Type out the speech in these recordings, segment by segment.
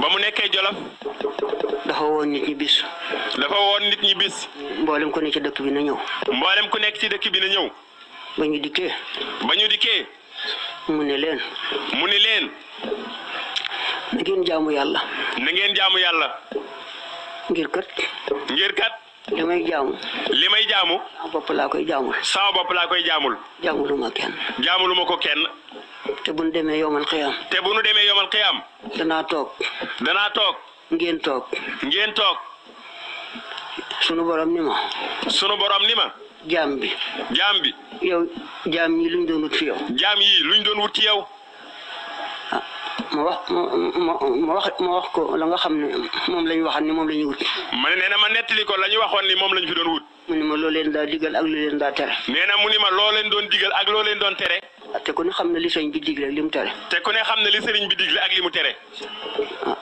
ba mu nekkee jolof dafa woon nit ñi bis dafa woon nit ñi bis mboolem ku nekk ci dëkk bi na ñëw mboolem ku nekk ci dëkk bi na ñëw ba ñu dikkee ba ñu dikkee mu ne leen mu ne leen na ngeen jaamu yàlla na ngeen jaamu yàlla ngir kat ngir kat li may jaamu li may jaamu sama bopp laa koy jaamul sama bopp laa koy jaamul jaamuluma kenn jaamuluma ko kenn te bu nu demee yomal xiyam. te bu nu demee yomal xiyam. danaa toog. danaa toog. ngeen toog. ngeen toog. sunu borom ni ma. sunu borom ni ma. jaam bi. jaam bi. yow jaam yi luñ doon wut ci yow. jaam yi luñ doon wut ci yow. Ah, ma wax ma ma wax ma wax ko la nga xam ne moom la ñu ni moom la ñu wut. ma ne nee na ma nettali ko la ñu waxoon ni moom la ñu fi doon wut. mu ni ma looleen leen daa digal ak loo leen daa tere. nee mu ni ma loo doon digal ak loo doon tere. te ku ne xam na li sëriñ bi digle ak li mu tere. te ku ne xam na li sëriñ bi digle ak li mu tere. Ah,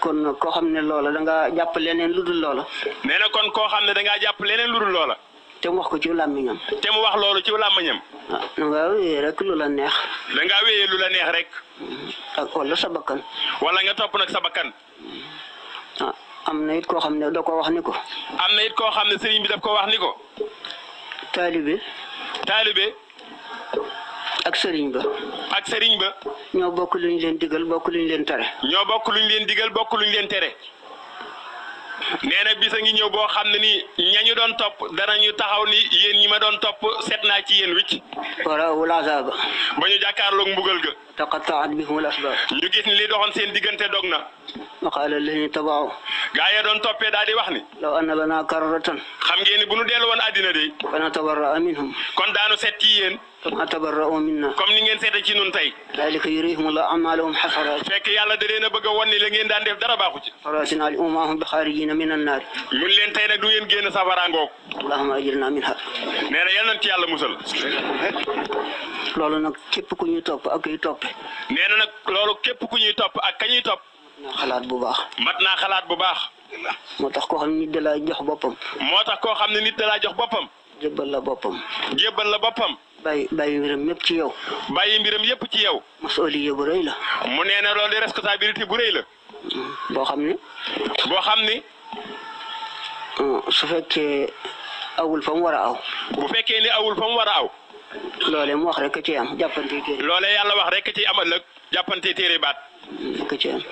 kon koo xam ne loola da ngaa jàpp leneen lu dul loola. nee na kon koo xam ne da ngaa jàpp leneen lu dul loola. te wax ko ci làmmiñam. te mu wax loolu ci làmmiñam. ah da ngaa rek lu la neex. da ngaa wéyee lu la neex rek. Mm-hmm. ak ah, wala sa bakkan. wala nga topp nag sa bakkan. Mm-hmm. ah am na it koo xam ne da koo wax ni ko. am na it koo xam ne sëriñ bi daf ko wax ni ko. ak sëriñ ba. ak sëriñ ba. ñoo bokk luñ leen digal bokk luñ leen tere. ñoo bokk luñ leen digal bokk luñ leen tere. nee na bis a ngi ñëw boo xam ne ni ñañu doon topp danañu taxaw ni yéen ñi ma doon topp set naa ci yéen wicc. wala wala ba ñu jàkkaarloog mbugal ga. تقطعت بهم الاسباب لجيت لي دوخون سين ديغنتي دوغنا وقال الله تبعو غايا دون توبي دادي واخني لو ان لنا كرره خمغي ني بونو ديلو وون ادينا دي انا تبرا منهم كون دانو ستيين كما تبرا منا كوم ني نين سيتي نون تاي ذلك يريهم الله اعمالهم حسرا فك يالا دا بغا وني لا نين دان ديف دارا باخو فراسنا الامم بخارجين من النار لول لين تاي نك دو يين ген سافارانغو اللهم اجرنا منها نينا يالنتي يالا موسل loolu nag képp ku ñuy topp ak kuy topp nee na nag loolu képp ku ñuy topp ak kañuy topp xalaat bu baax mat naa xalaat bu baax moo tax ko xam ne nit da jox boppam moo tax koo xam ne nit da laa jox boppam jébbal la boppam jébbal la boppam bàyyi bàyyi mbiram yëpp ci yow bàyyi mbiram yëpp ci yow masuliya bu rëy la mu nee na loolu responsabilité bu rëy la boo xam ne boo xam ne su fekkee awul fa mu war a aw. bu fekkee ne awul fa mu war a aw. loolee mu wax rek ci am jàppante téere. loolee yàlla wax rek ci am ëllëg jàppante téere baat. rek ci am.